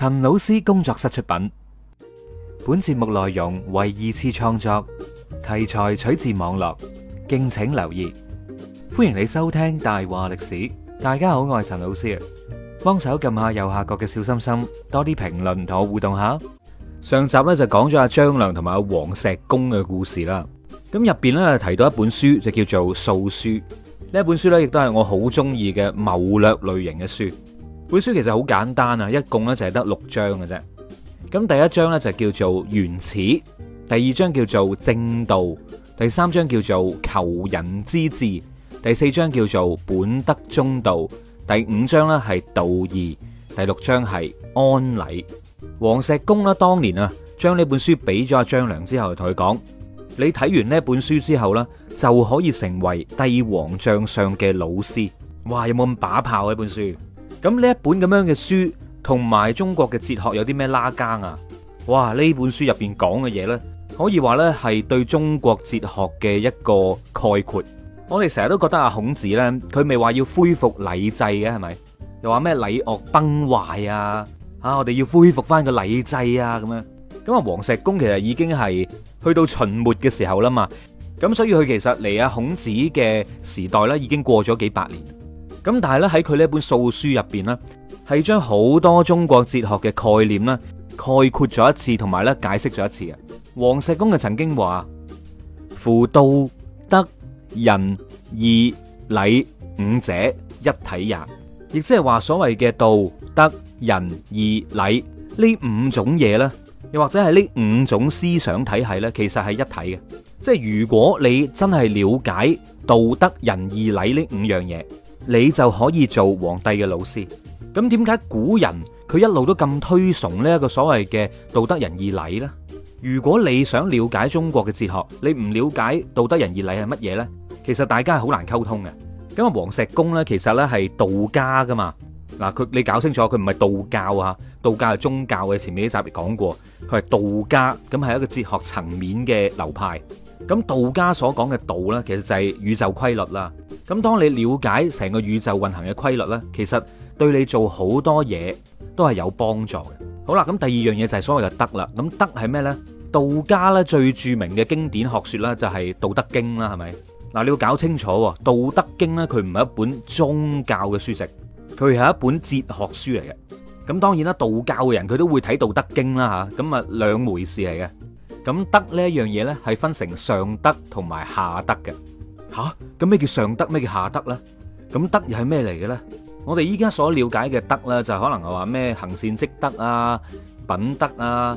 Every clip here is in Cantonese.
陳老師工作室出品，本節目內容為二次創作，題材取自網絡，敬請留意。歡迎你收聽《大話歷史》，大家好，我係陳老師。幫手撳下右下角嘅小心心，多啲評論同我互動下。上集咧就講咗阿張良同埋阿黃石公嘅故事啦。咁入邊咧提到一本書就叫做《素書》，呢一本書咧亦都係我好中意嘅謀略類型嘅書。本書其實好簡單啊，一共咧就係得六章嘅啫。咁第一章咧就叫做原始，第二章叫做正道，第三章叫做求人之志，第四章叫做本德中道，第五章咧係道義，第六章係安禮。黃石公啦，當年啊，將呢本書俾咗阿張良之後，同佢講：你睇完呢本書之後呢，就可以成為帝王將相嘅老師。哇！有冇咁把炮呢本書？咁呢一本咁樣嘅書，同埋中國嘅哲學有啲咩拉更啊？哇！呢本書入邊講嘅嘢呢，可以話呢係對中國哲學嘅一個概括。我哋成日都覺得阿孔子呢，佢未話要恢復禮制嘅係咪？又話咩禮樂崩壞啊？啊，我哋要恢復翻個禮制啊！咁樣咁啊，黃石公其實已經係去到秦末嘅時候啦嘛。咁所以佢其實嚟阿孔子嘅時代呢，已經過咗幾百年。咁但係咧，喺佢呢本素書入邊呢係將好多中國哲學嘅概念呢概括咗一次，同埋咧解釋咗一次嘅。黃石公就曾經話：夫道德仁義禮五者一體也，亦即係話所謂嘅道德仁義禮呢五種嘢，呢又或者係呢五種思想體系，呢其實係一體嘅。即係如果你真係了解道德仁義禮呢五樣嘢。你就可以做皇帝嘅老師。咁點解古人佢一路都咁推崇呢一個所謂嘅道德仁義禮呢？如果你想了解中國嘅哲學，你唔了解道德仁義禮係乜嘢呢？其實大家係好難溝通嘅。咁啊，黃石公呢，其實呢係道家噶嘛。嗱，佢你搞清楚，佢唔係道教啊，道教係宗教嘅。前面一集嚟講過，佢係道家，咁係一個哲學層面嘅流派。咁道家所講嘅道呢，其實就係宇宙規律啦。咁當你了解成個宇宙運行嘅規律呢，其實對你做好多嘢都係有幫助嘅。好啦，咁第二樣嘢就係所謂嘅德啦。咁德係咩呢？道家呢最著名嘅經典學說啦，就係《道德經》啦，係咪？嗱，你要搞清楚《道德經》呢，佢唔係一本宗教嘅書籍，佢係一本哲學書嚟嘅。咁當然啦，道教嘅人佢都會睇《道德經》啦，吓咁啊，兩回事嚟嘅。咁德呢一樣嘢呢，係分成上德同埋下德嘅。吓咁咩叫上德咩叫下德咧？咁德又係咩嚟嘅咧？我哋依家所了解嘅德咧，就可能係話咩行善積德啊、品德啊。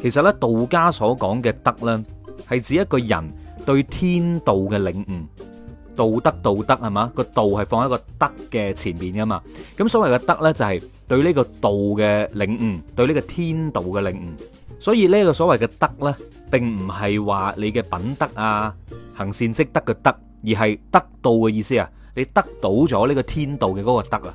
其實咧道家所講嘅德咧，係指一個人對天道嘅領悟，道德道德係嘛？個道係放喺個德嘅前面噶嘛？咁所謂嘅德咧，就係對呢個道嘅領悟，對呢個天道嘅領悟。所以呢個所謂嘅德咧，並唔係話你嘅品德啊。行善積德嘅德，而係得到嘅意思啊，你得到咗呢個天道嘅嗰個德。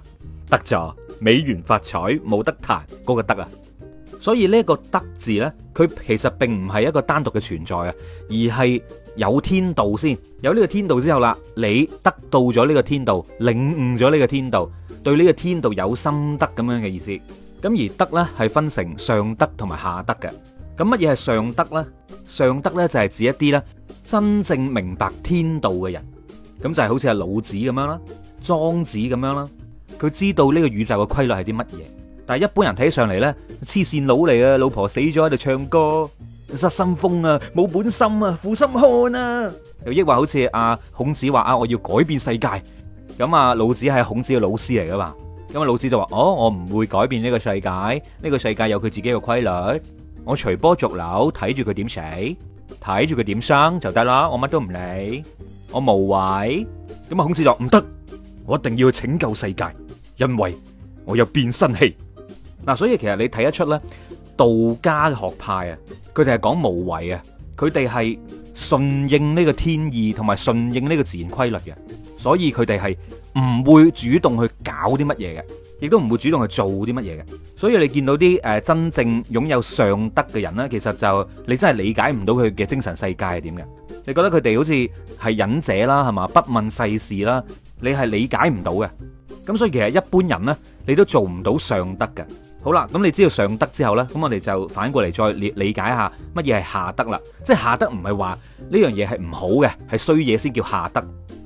真正明白天道嘅人，咁就係好似係老子咁樣啦，莊子咁樣啦，佢知道呢個宇宙嘅規律係啲乜嘢。但係一般人睇起上嚟呢，黐線佬嚟啊，老婆死咗喺度唱歌，失心瘋啊，冇本心啊，負心漢啊，又抑或好似阿孔子話啊，我要改變世界。咁啊，老子係孔子嘅老師嚟噶嘛？咁啊，老子就話：哦，我唔會改變呢個世界，呢個世界有佢自己嘅規律，我隨波逐流，睇住佢點死。睇住佢點生就得啦，我乜都唔理，我無為。咁啊，孔子就唔得，我一定要去拯救世界，因為我有變身器。嗱、啊，所以其實你睇得出咧，道家嘅學派啊，佢哋係講無為啊，佢哋係順應呢個天意同埋順應呢個自然規律嘅，所以佢哋係唔會主動去搞啲乜嘢嘅。亦都唔會主動去做啲乜嘢嘅，所以你見到啲誒真正擁有上德嘅人咧，其實就你真係理解唔到佢嘅精神世界係點嘅。你覺得佢哋好似係隱者啦，係嘛，不問世事啦，你係理解唔到嘅。咁所以其實一般人咧，你都做唔到上德嘅。好啦，咁你知道上德之後咧，咁我哋就反過嚟再理理解下乜嘢係下德啦。即係下德唔係話呢樣嘢係唔好嘅，係衰嘢先叫下德，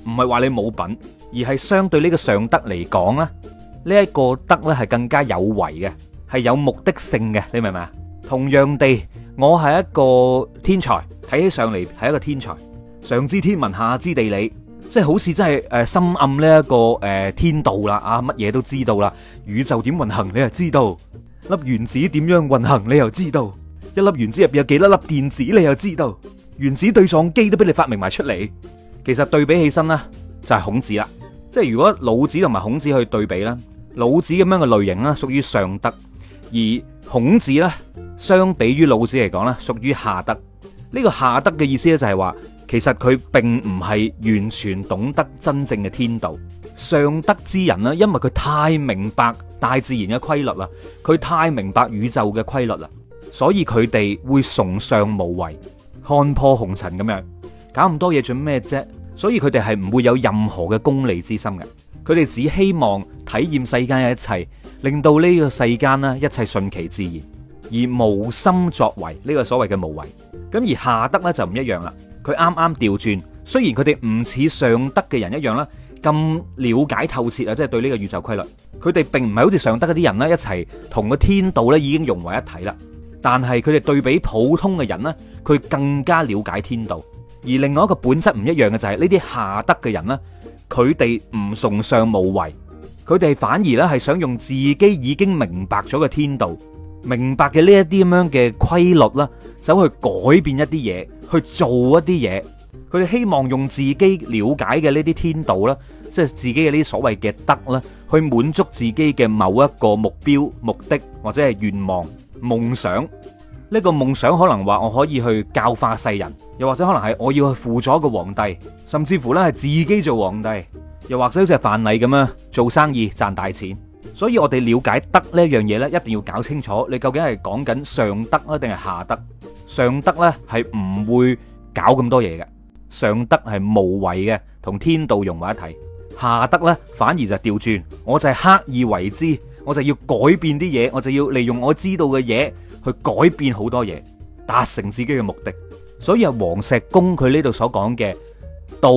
唔係話你冇品，而係相對呢個上德嚟講咧。呢一個得咧係更加有為嘅，係有目的性嘅，你明唔明啊？同樣地，我係一個天才，睇起上嚟係一個天才，上知天文下知地理，即係好似真係誒深暗呢一個誒天道啦啊，乜嘢都知道啦，宇宙點運行你又知道，粒原子點樣運行你又知道，一粒原子入邊有幾粒粒電子你又知道，原子對撞機都俾你發明埋出嚟。其實對比起身咧，就係孔子啦，即係如果老子同埋孔子去對比咧。老子咁樣嘅類型啦，屬於上德；而孔子呢，相比於老子嚟講咧，屬於下德。呢個下德嘅意思咧，就係話其實佢並唔係完全懂得真正嘅天道。上德之人呢，因為佢太明白大自然嘅規律啦，佢太明白宇宙嘅規律啦，所以佢哋會崇尚無為，看破紅塵咁樣。搞咁多嘢做咩啫？所以佢哋係唔會有任何嘅功利之心嘅。佢哋只希望體驗世間嘅一切，令到呢個世間咧一切順其自然，而無心作為呢個所謂嘅無為。咁而下德呢，就唔一樣啦。佢啱啱調轉，雖然佢哋唔似上德嘅人一樣啦，咁了解透徹啊，即係對呢個宇宙規律。佢哋並唔係好似上德嗰啲人呢，一齊同個天道呢已經融為一體啦。但係佢哋對比普通嘅人呢，佢更加了解天道。而另外一個本質唔一樣嘅就係呢啲下德嘅人呢。佢哋唔崇尚無為，佢哋反而咧係想用自己已經明白咗嘅天道，明白嘅呢一啲咁樣嘅規律啦，走去改變一啲嘢，去做一啲嘢。佢哋希望用自己了解嘅呢啲天道啦，即係自己嘅呢啲所謂嘅德啦，去滿足自己嘅某一個目標、目的或者係願望、夢想。呢個夢想可能話我可以去教化世人，又或者可能係我要去輔佐一個皇帝，甚至乎呢係自己做皇帝，又或者好似係范蠡咁啊，做生意賺大錢。所以我哋了解德呢樣嘢呢，一定要搞清楚你究竟係講緊上德啊，定係下德？上德呢係唔會搞咁多嘢嘅，上德係無為嘅，同天道融為一體。下德呢，反而就調轉，我就係刻意為之，我就要改變啲嘢，我就要利用我知道嘅嘢。去改變好多嘢，達成自己嘅目的。所以阿黃石公佢呢度所講嘅道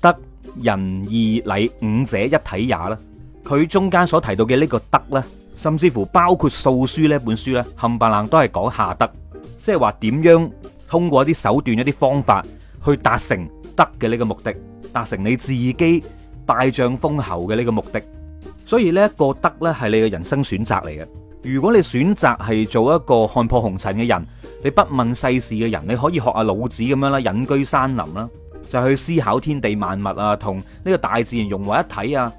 德仁義禮五者一體也啦。佢中間所提到嘅呢個德咧，甚至乎包括《素書》呢本書呢冚唪唥都係講下德，即係話點樣通過一啲手段、一啲方法去達成德嘅呢個目的，達成你自己拜將封侯嘅呢個目的。所以呢一個德呢係你嘅人生選擇嚟嘅。如果你選擇係做一個看破紅塵嘅人，你不問世事嘅人，你可以學下老子咁樣啦，隱居山林啦，就去思考天地萬物啊，同呢個大自然融為一體啊，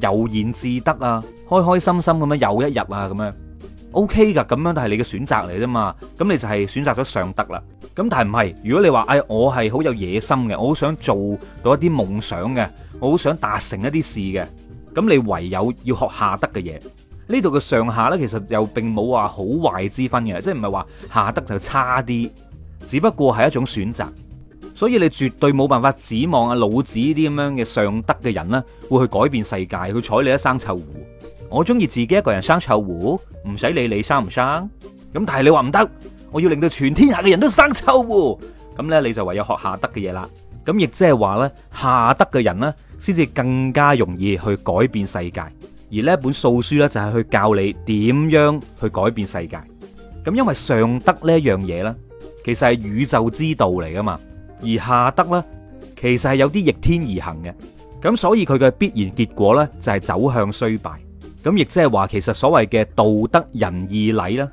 悠然自得啊，開開心心咁樣又一日啊，咁樣 OK 噶，咁樣都係你嘅選擇嚟啫嘛。咁你就係選擇咗上德啦。咁但係唔係，如果你話唉、哎，我係好有野心嘅，我好想做到一啲夢想嘅，我好想達成一啲事嘅，咁你唯有要學下德嘅嘢。呢度嘅上下呢，其實又並冇話好壞之分嘅，即係唔係話下德就差啲，只不過係一種選擇。所以你絕對冇辦法指望啊老子呢啲咁樣嘅上德嘅人呢，會去改變世界，去睬你一生臭狐。我中意自己一個人生臭狐，唔使理你生唔生。咁但係你話唔得，我要令到全天下嘅人都生臭狐。咁呢，你就唯有學下德嘅嘢啦。咁亦即係話呢，下德嘅人呢，先至更加容易去改變世界。而呢本素書呢，就係去教你點樣去改變世界。咁因為上德呢一樣嘢呢，其實係宇宙之道嚟噶嘛，而下德呢，其實係有啲逆天而行嘅。咁所以佢嘅必然結果呢，就係走向衰敗。咁亦即係話，其實所謂嘅道德仁義禮啦，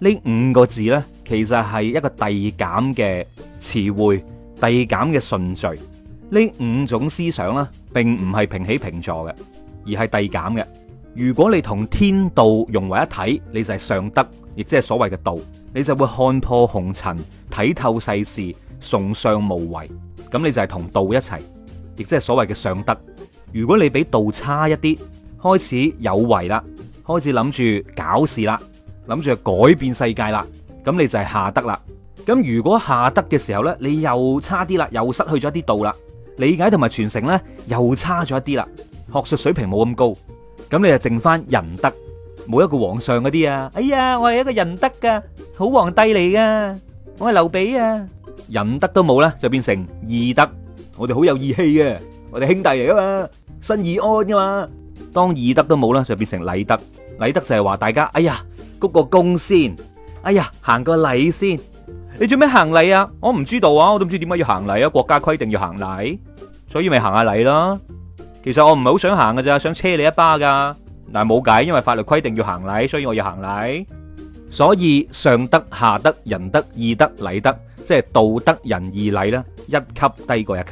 呢五個字呢，其實係一個遞減嘅詞彙，遞減嘅順序。呢五種思想呢，並唔係平起平坐嘅。而係遞減嘅。如果你同天道融為一體，你就係上德，亦即係所謂嘅道，你就會看破紅塵，睇透世事，崇尚無為。咁你就係同道一齊，亦即係所謂嘅上德。如果你比道差一啲，開始有為啦，開始諗住搞事啦，諗住改變世界啦，咁你就係下德啦。咁如果下德嘅時候呢，你又差啲啦，又失去咗啲道啦，理解同埋傳承呢，又差咗一啲啦。學術水平冇咁高，咁你就剩翻仁德。冇一個皇上嗰啲啊，哎呀，我係一個仁德噶，好皇帝嚟噶，我係劉備啊。仁德都冇啦，就變成義德。我哋好有義氣嘅，我哋兄弟嚟噶嘛，新義安噶嘛。當義德都冇啦，就變成禮德。禮德就係話大家，哎呀，鞠個躬先，哎呀，行個禮先。你做咩行禮啊？我唔知道啊，我都唔知點解要行禮啊。國家規定要行禮，所以咪行下禮囉。其實我唔係好想行㗎，咋想車你一巴噶。但係，冇計，因為法律規定要行禮，所以我要行禮。所以上德、下德、仁德、義德、禮德，即係道德、仁義禮啦，一級低過一級。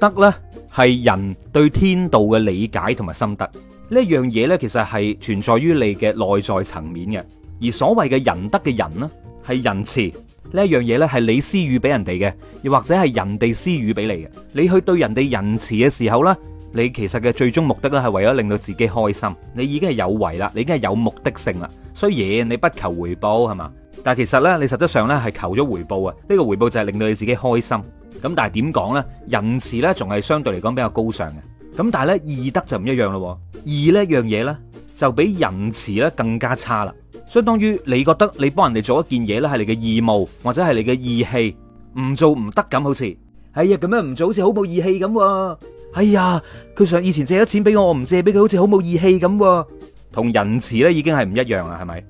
德呢係人對天道嘅理解同埋心得，呢一樣嘢呢，其實係存在於你嘅內在層面嘅。而所謂嘅仁德嘅仁呢，係仁慈，呢一樣嘢呢，係你施予俾人哋嘅，又或者係人哋施予俾你嘅。你去對人哋仁慈嘅時候呢。你其實嘅最終目的咧，係為咗令到自己開心。你已經係有為啦，你已經係有目的性啦。雖然你不求回報係嘛，但係其實呢，你實質上咧係求咗回報啊。呢個回報就係令到你自己開心。咁但係點講呢？仁慈呢仲係相對嚟講比較高尚嘅。咁但係呢，義德就唔一樣咯。義呢樣嘢呢，就比仁慈呢更加差啦。相當於你覺得你幫人哋做一件嘢呢係你嘅義務或者係你嘅義氣，唔做唔得咁好似。哎呀，咁樣唔做好似好冇義氣咁。哎呀，佢想以前借咗錢俾我，我唔借俾佢，好似好冇義氣咁、啊，同仁慈咧已經係唔一樣啦，係咪？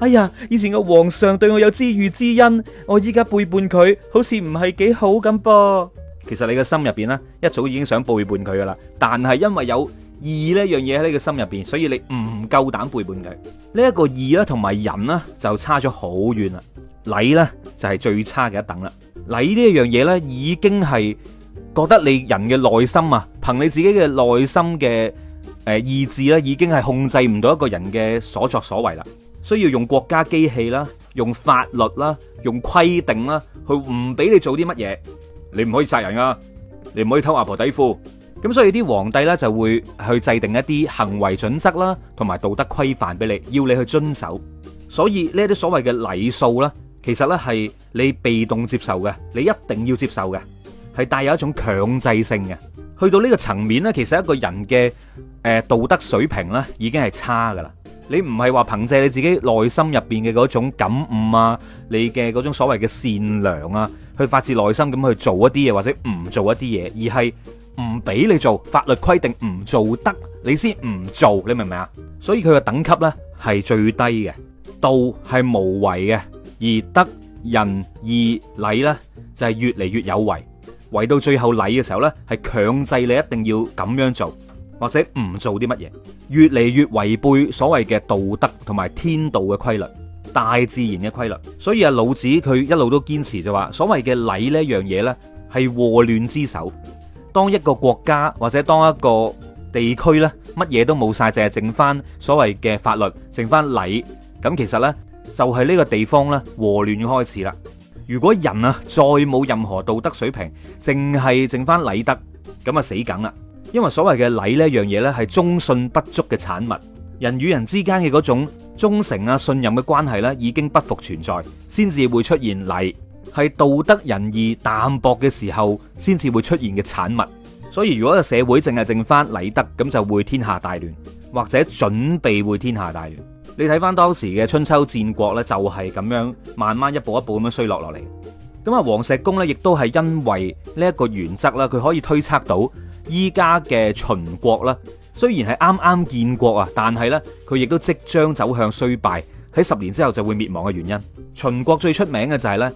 哎呀，以前個皇上對我有知遇之恩，我依家背叛佢，好似唔係幾好咁、啊、噃。其實你嘅心入邊咧，一早已經想背叛佢噶啦，但係因為有義呢樣嘢喺你個心入邊，所以你唔夠膽背叛佢。呢、這、一個義咧，同埋仁呢，就差咗好遠啦。禮呢，就係最差嘅一等啦。禮呢一樣嘢呢，已經係。覺得你人嘅內心啊，憑你自己嘅內心嘅誒意志呢，已經係控制唔到一個人嘅所作所為啦。需要用國家機器啦，用法律啦，用規定啦，去唔俾你做啲乜嘢，你唔可以殺人啊，你唔可以偷阿婆底褲。咁所以啲皇帝呢就會去制定一啲行為準則啦，同埋道德規範俾你，要你去遵守。所以呢啲所謂嘅禮數啦，其實呢係你被動接受嘅，你一定要接受嘅。係帶有一種強制性嘅，去到呢個層面呢，其實一個人嘅誒、呃、道德水平呢已經係差噶啦。你唔係話憑借你自己內心入邊嘅嗰種感悟啊，你嘅嗰種所謂嘅善良啊，去發自內心咁去做一啲嘢，或者唔做一啲嘢，而係唔俾你做。法律規定唔做得，你先唔做。你明唔明啊？所以佢個等級呢係最低嘅。道係無為嘅，而德仁義禮呢，就係、是、越嚟越有為。圍到最後禮嘅時候呢，係強制你一定要咁樣做，或者唔做啲乜嘢，越嚟越違背所謂嘅道德同埋天道嘅規律、大自然嘅規律。所以啊，老子佢一路都堅持就話，所謂嘅禮呢一樣嘢呢，係禍亂之首。當一個國家或者當一個地區呢，乜嘢都冇晒，淨係剩翻所謂嘅法律，剩翻禮，咁其實呢，就係呢個地方呢，禍亂嘅開始啦。如果人啊再冇任何道德水平，淨係剩返禮德，咁啊死梗啦！因為所謂嘅禮呢樣嘢咧，係忠信不足嘅產物。人與人之間嘅嗰種忠誠啊、信任嘅關係咧，已經不復存在，先至會出現禮。係道德仁義淡薄嘅時候，先至會出現嘅產物。所以如果個社會淨係剩返禮德，咁就會天下大亂，或者準備會天下大亂。你睇翻當時嘅春秋戰國呢，就係咁樣慢慢一步一步咁樣衰落落嚟。咁啊，黃石公呢，亦都係因為呢一個原則啦，佢可以推測到依家嘅秦國啦，雖然係啱啱建國啊，但係呢，佢亦都即將走向衰敗，喺十年之後就會滅亡嘅原因。秦國最出名嘅就係呢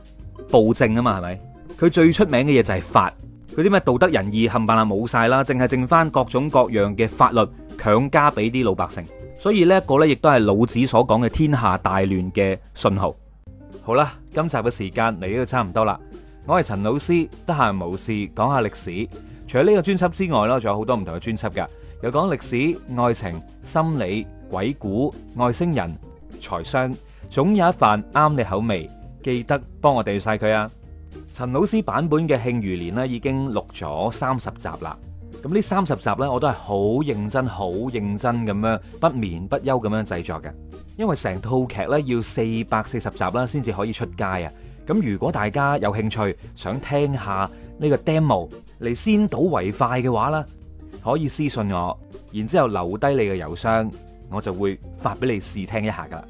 暴政啊嘛，係咪？佢最出名嘅嘢就係法，嗰啲咩道德仁義冚唪唥冇晒啦，淨係剩翻各種各樣嘅法律。強加俾啲老百姓，所以呢個呢，亦都係老子所講嘅天下大亂嘅信號。好啦，今集嘅時間嚟到差唔多啦，我係陳老師，得閒無事講下歷史。除咗呢個專輯之外呢，仲有好多唔同嘅專輯嘅，有講歷史、愛情、心理、鬼故、外星人、財商，總有一瓣啱你口味。記得幫我訂閱晒佢啊！陳老師版本嘅《慶餘年》呢已經錄咗三十集啦。咁呢三十集呢，我都係好認真、好認真咁樣不眠不休咁樣製作嘅。因為成套劇呢，要四百四十集啦，先至可以出街啊。咁如果大家有興趣想聽下呢個 demo 嚟，先睹為快嘅話啦，可以私信我，然之後留低你嘅郵箱，我就會發俾你試聽一下噶。